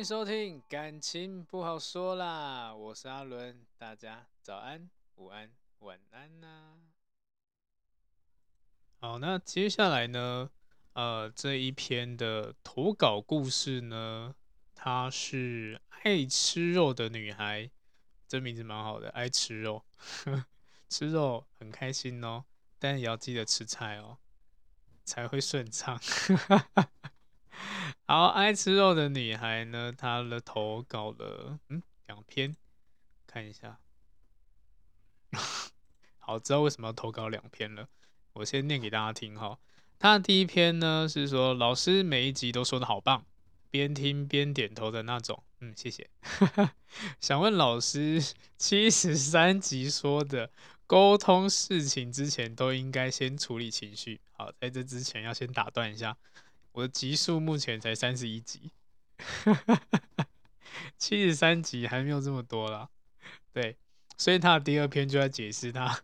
歡迎收聽，感情不好說啦，我是阿倫，大家早安、午安、晚安啦、啊。好，那接下來呢？呃，這一篇的投稿故事呢，她是愛吃肉的女孩，這名字蠻好的，愛吃肉， 吃肉很開心哦，但也要記得吃菜哦，才會順暢。 好，愛吃肉的女孩呢，她的投稿了，嗯，兩篇，看一下。 好，知道為什麼要投稿兩篇了。我先念給大家聽哈。她的第一篇呢是說，老師每一集都說得好棒，邊聽邊點頭的那種。嗯，謝謝。 想問老師，七十三集說的溝通事情之前都應該先處理情緒。好，在這之前要先打斷一下。我的集數目前才三十一集，哈哈哈哈，七十三集還沒有這麼多啦。對，所以他的第二篇就在解釋他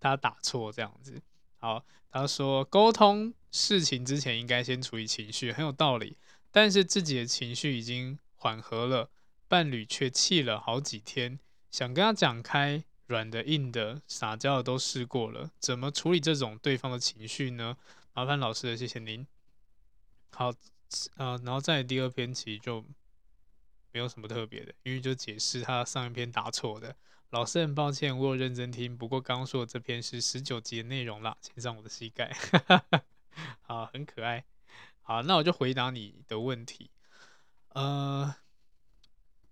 他打錯這樣子。好，他說溝通事情之前應該先處理情緒，很有道理。但是自己的情緒已經緩和了，伴侶卻氣了好幾天，想跟他講開，軟的硬的撒嬌的都試過了，怎麼處理這種對方的情緒呢？麻煩老師了，謝謝您。好，啊、呃，然後在第二篇其實就沒有什麼特別的，因為就解釋他上一篇答錯的。老師很抱歉，我有認真聽，不過剛說的這篇是十九集的內容啦，獻上我的膝蓋， 好，很可愛。好，那我就回答你的問題。呃，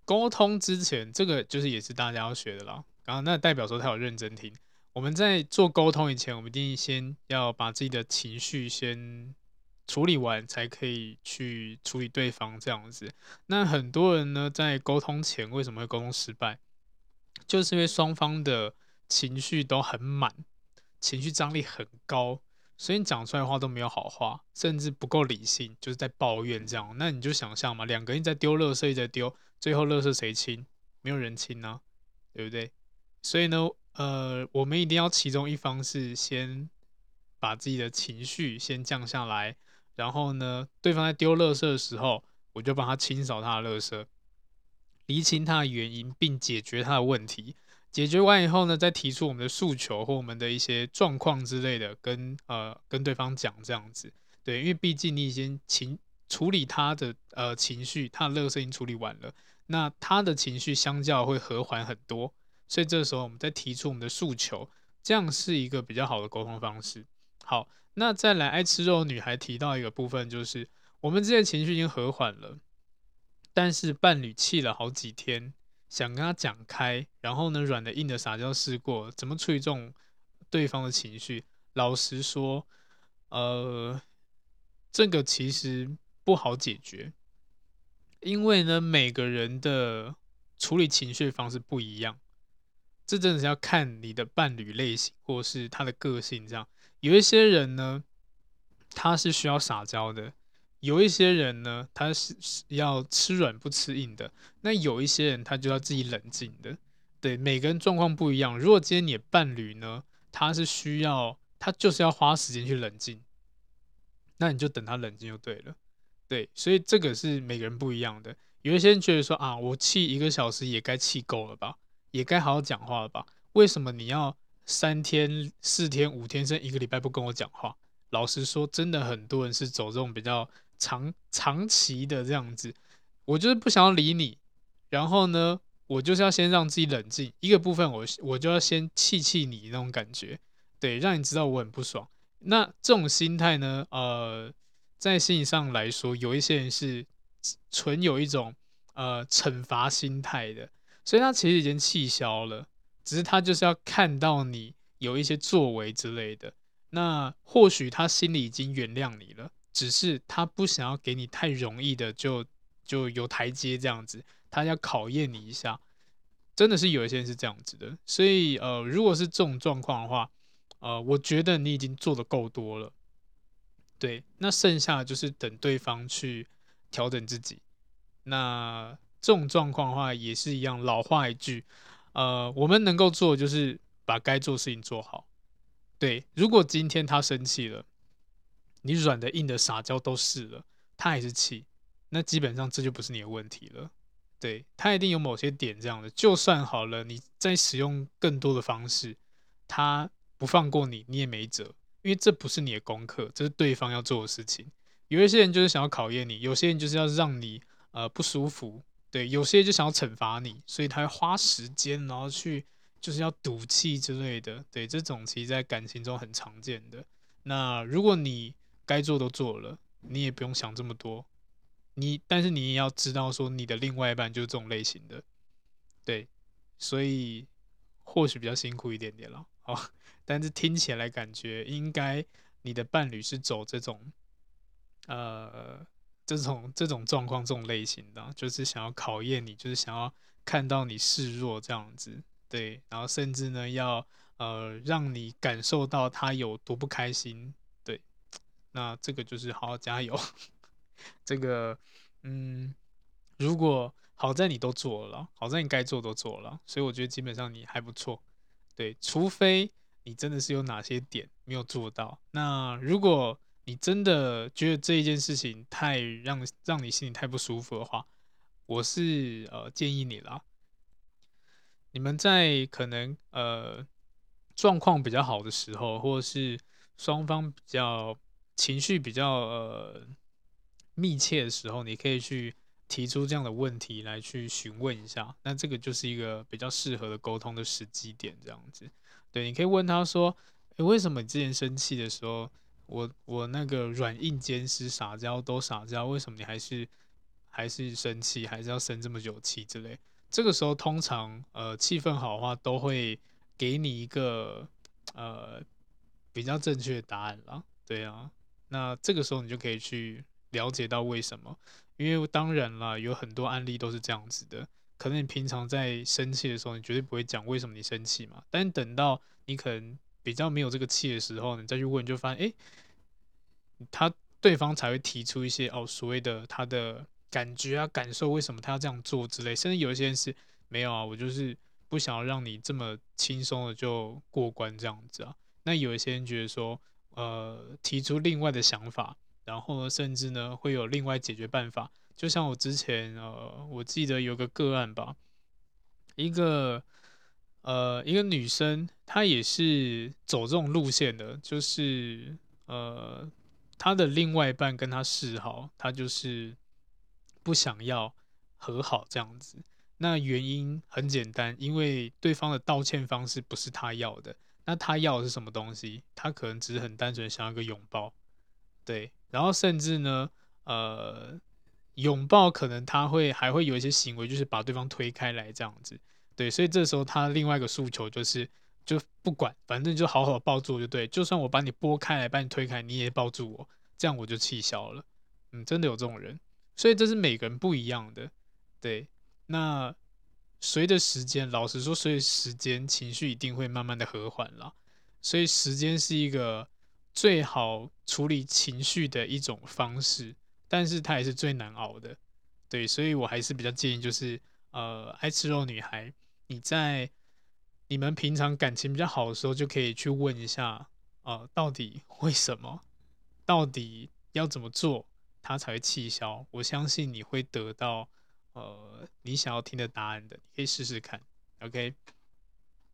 溝通之前，這個就是也是大家要學的啦。剛剛，那代表說他有認真聽。我們在做溝通以前，我們一定先要把自己的情緒先。處理完才可以去處理對方這樣子。那很多人呢，在溝通前為什麼會溝通失敗？就是因為雙方的情緒都很滿，情緒張力很高，所以你講出來的話都沒有好話，甚至不夠理性，就是在抱怨這樣。嗯、那你就想象嘛，兩個人在丟垃圾，一直丟，最後垃圾誰清？沒有人清呢、啊，對不對？所以呢，呃，我們一定要其中一方是先把自己的情緒先降下來。然後呢，對方在丟垃圾的時候，我就幫他清掃他的垃圾，釐清他的原因，並解決他的問題。解決完以後呢，再提出我們的訴求或我們的一些狀況之類的，跟呃跟對方講這樣子。對，因為畢竟你已經情處理他的呃情緒，他的垃圾已經處理完了，那他的情緒相較會和緩很多。所以這時候我們再提出我們的訴求，這樣是一個比較好的溝通方式。好，那再來愛吃肉的女孩提到一個部分，就是我們之間情緒已經和緩了，但是伴侶氣了好幾天，想跟他講開，然後呢，軟的硬的撒嬌試過，怎麼處理這種對方的情緒？老實說，呃，這個其實不好解決，因為呢，每個人的處理情緒方式不一樣，這真的是要看你的伴侶類型或是他的個性這樣。有一些人呢，他是需要撒嬌的；有一些人呢，他是要吃軟不吃硬的。那有一些人，他就要自己冷靜的。對，每個人狀況不一樣。如果今天你的伴侶呢，他是需要，他就是要花時間去冷靜，那你就等他冷靜就對了。對，所以這個是每個人不一樣的。有一些人覺得說啊，我氣一個小時也該氣夠了吧，也該好好講話了吧？為什麼你要？三天、四天、五天，甚至一個禮拜不跟我講話。老實說，真的很多人是走這種比較長長期的這樣子。我就是不想要理你，然後呢，我就是要先讓自己冷靜。一個部分我，我我就要先氣氣你那種感覺，對，讓你知道我很不爽。那這種心態呢，呃，在心理上來說，有一些人是存有一種呃懲罰心態的，所以他其實已經氣消了。只是他就是要看到你有一些作為之類的，那或許他心裡已經原諒你了，只是他不想要給你太容易的就，就就有台階這樣子，他要考驗你一下。真的是有一些人是這樣子的，所以呃，如果是這種狀況的話，呃，我覺得你已經做得夠多了，對，那剩下的就是等對方去調整自己。那這種狀況的話，也是一樣，老話一句。呃，我們能夠做的就是把該做的事情做好。對，如果今天他生氣了，你軟的、硬的、撒嬌都試了，他還是氣，那基本上這就不是你的問題了。對，他一定有某些點這樣的，就算好了，你再使用更多的方式，他不放過你，你也沒轍，因為這不是你的功課，這是對方要做的事情。有一些人就是想要考驗你，有些人就是要讓你呃不舒服。對，有些就想要懲罰你，所以他會花時間，然後去就是要賭氣之類的。對，這種其實在感情中很常見的。那如果你該做都做了，你也不用想這麼多。你，但是你也要知道說你的另外一半就是這種類型的。對，所以或許比較辛苦一點點了。哦，但是聽起來感覺應該你的伴侶是走這種，呃。這種這種狀況，這種類型的，就是想要考驗你，就是想要看到你示弱這樣子，對，然後甚至呢，要呃讓你感受到他有多不開心，對，那這個就是好好加油。 這個，嗯，如果好在你都做了，好在你該做都做了，所以我覺得基本上你還不錯，對，除非你真的是有哪些點沒有做到，那如果。你真的覺得這一件事情太讓讓你心裡太不舒服的話，我是呃建議你啦。你們在可能呃狀況比較好的時候，或者是雙方比較情緒比較、呃、密切的時候，你可以去提出這樣的問題來去詢問一下。那這個就是一個比較適合的溝通的時機點，這樣子。對，你可以問他說：“欸，為什麼你之前生氣的時候？”我我那個軟硬兼施撒嬌都撒嬌，為什麼你還是還是生氣，還是要生這麼久氣之類？這個時候通常呃氣氛好的話，都會給你一個呃比較正確的答案啦。對啊，那這個時候你就可以去了解到為什麼，因為當然啦，有很多案例都是這樣子的。可能你平常在生氣的時候，你絕對不會講為什麼你生氣嘛，但等到你可能。比較沒有這個氣的時候，你再去問，你就發現哎、欸，他對方才會提出一些哦所謂的他的感覺啊感受，為什麼他要這樣做之類。甚至有一些人是沒有啊，我就是不想要讓你這麼輕鬆的就過關這樣子啊。那有一些人覺得說，呃，提出另外的想法，然後呢，甚至呢會有另外解決辦法。就像我之前呃，我記得有個個案吧，一個。呃，一個女生她也是走這種路線的，就是呃，她的另外一半跟她示好，她就是不想要和好這樣子。那原因很簡單，因為對方的道歉方式不是她要的。那她要的是什麼東西？她可能只是很單純想要一個擁抱，對。然後甚至呢，呃，擁抱可能她會還會有一些行為，就是把對方推開來這樣子。對，所以這時候他另外一個訴求就是，就不管，反正就好好抱住我就對，就算我把你撥開來，把你推開，你也抱住我，這樣我就氣消了。嗯，真的有這種人，所以這是每個人不一樣的。對，那隨着時間，老實說，隨着時間，情緒一定會慢慢的和緩啦。所以時間是一個最好處理情緒的一種方式，但是它也是最難熬的。對，所以我還是比較建議，就是呃，愛吃肉女孩。你在你們平常感情比較好的時候，就可以去問一下，呃，到底為什麼，到底要怎麼做，他才會氣消？我相信你會得到，呃，你想要聽的答案的。你可以試試看，OK？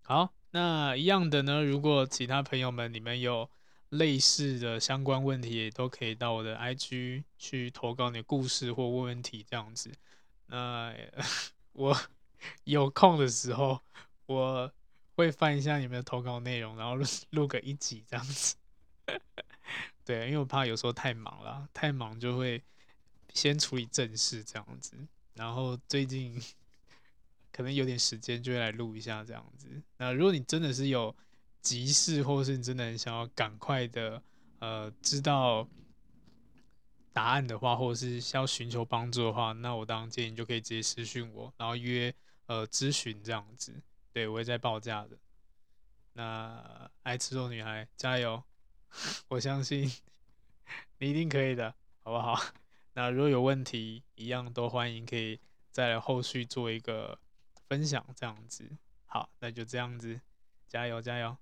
好，那一樣的呢，如果其他朋友們你們有類似的相關問題，也都可以到我的 IG 去投稿你的故事或問題這樣子。那我。 有空的時候，我會翻一下你們的投稿內容，然後錄，錄個一集這樣子。 對，因為我怕有時候太忙了，太忙就會先處理正事這樣子。然後最近可能有點時間，就會來錄一下這樣子。那如果你真的是有急事，或是你真的很想要趕快的呃知道答案的話，或者是想要尋求幫助的話，那我當然建議你就可以直接私訊我，然後約。呃，諮詢這樣子，對，我也在報價的。那愛吃肉女孩加油， 我相信 你一定可以的，好不好？ 那如果有問題，一樣都歡迎可以再來後續做一個分享這樣子。好，那就這樣子，加油加油！